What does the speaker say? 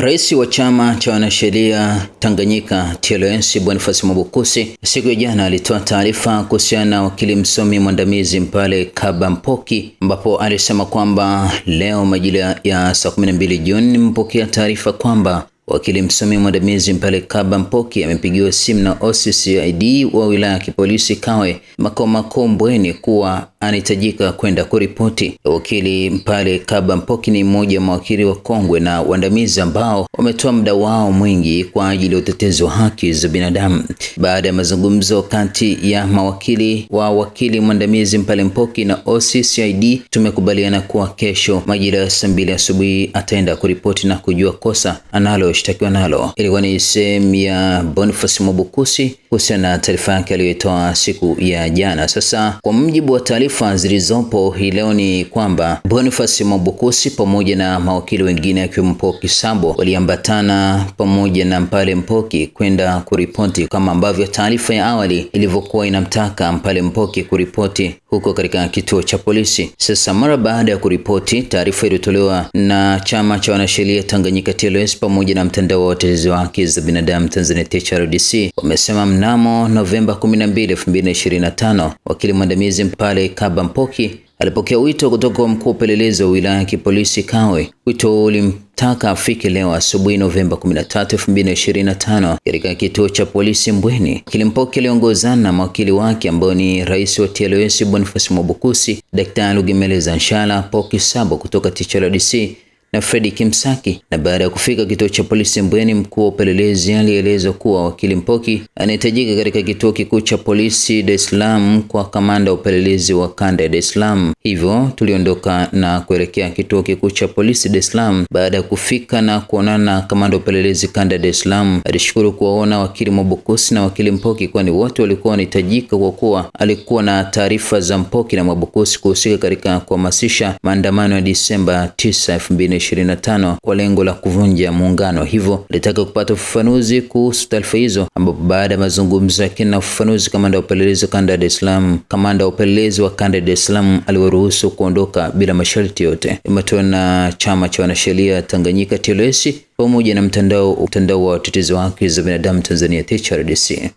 Rais wa chama cha wanasheria Tanganyika TLS Boniface Mwabukusi siku ya jana alitoa taarifa kuhusiana na wakili msomi mwandamizi Mpale Kaba Mpoki, ambapo alisema kwamba leo majira ya saa 12 jioni nimepokea taarifa kwamba wakili msomi mwandamizi Mpale Kaba Mpoki amepigiwa simu na OCCID wa wilaya ya kipolisi Kawe makao makuu Mbweni kuwa anahitajika kwenda kuripoti. Wakili Mpale Kaba Mpoki ni mmoja wa mawakili wa kongwe na waandamizi ambao wametoa muda wao mwingi kwa ajili ya utetezi wa haki za binadamu. Baada ya mazungumzo kati ya mawakili wa wakili mwandamizi Mpale Mpoki na OCCID, tumekubaliana kuwa kesho majira ya saa mbili asubuhi ataenda kuripoti na kujua kosa analoshtakiwa nalo. Ilikuwa ni sehemu ya Boniface Mwabukusi kuhusiana na taarifa yake aliyoitoa siku ya jana. Sasa kwa mjibu wa taarifa Taarifa zilizopo hii leo ni kwamba Boniface Mwabukusi pamoja na mawakili wengine akiwemo Mpoki Sabo waliambatana pamoja na Mpale Mpoki kwenda kuripoti kama ambavyo taarifa ya awali ilivyokuwa inamtaka Mpale Mpoki kuripoti huko katika kituo cha polisi. Sasa mara baada ya kuripoti, taarifa iliyotolewa na chama cha wanasheria Tanganyika TLS pamoja na mtandao wa watetezi wa haki za binadamu Tanzania THRDC wamesema mnamo Novemba 12, 2025 wakili mwandamizi Mpale Masaba Mpoki alipokea wito kutoka kwa mkuu wa upelelezi wa wilaya ya kipolisi Kawe. Wito ulimtaka afike leo asubuhi Novemba 13, 2025 katika kituo cha polisi Mbweni. Wakili Mpoki aliongozana na mawakili wake ambao ni rais wa TLS Boniface Mwabukusi, Daktari Lugemeleza Nshala, Poki Sabo kutoka dc na Fredi Kimsaki. Na baada ya kufika kituo cha polisi Mbweni, mkuu wa upelelezi alieleza kuwa wakili Mpoki anahitajika katika kituo kikuu cha polisi Dar es Salaam kwa kamanda wa upelelezi wa kanda ya Dar es Salaam. Hivyo tuliondoka na kuelekea kituo kikuu cha polisi Dar es Salaam. Baada ya kufika na kuonana na kamanda wa upelelezi kanda ya Dar es Salaam, alishukuru kuwaona wakili Mwabukusi na wakili Mpoki, kwani wote walikuwa wanahitajika kwa kuwa alikuwa na taarifa za Mpoki na Mwabukusi kuhusika katika kuhamasisha maandamano ya Disemba 9 25 kwa lengo la kuvunja muungano, hivyo litaka kupata ufafanuzi kuhusu taarifa hizo, ambapo baada ya mazungumzo ya kina na ufafanuzi, kamanda wa upelelezi wa kanda ya Dar es Salaam kamanda wa upelelezi wa kanda ya Dar es Salaam aliwaruhusu kuondoka bila masharti yote. Imetoa na chama cha wanasheria Tanganyika TLS pamoja na mtandao mtandao wa watetezi wa haki za binadamu Tanzania THRDC.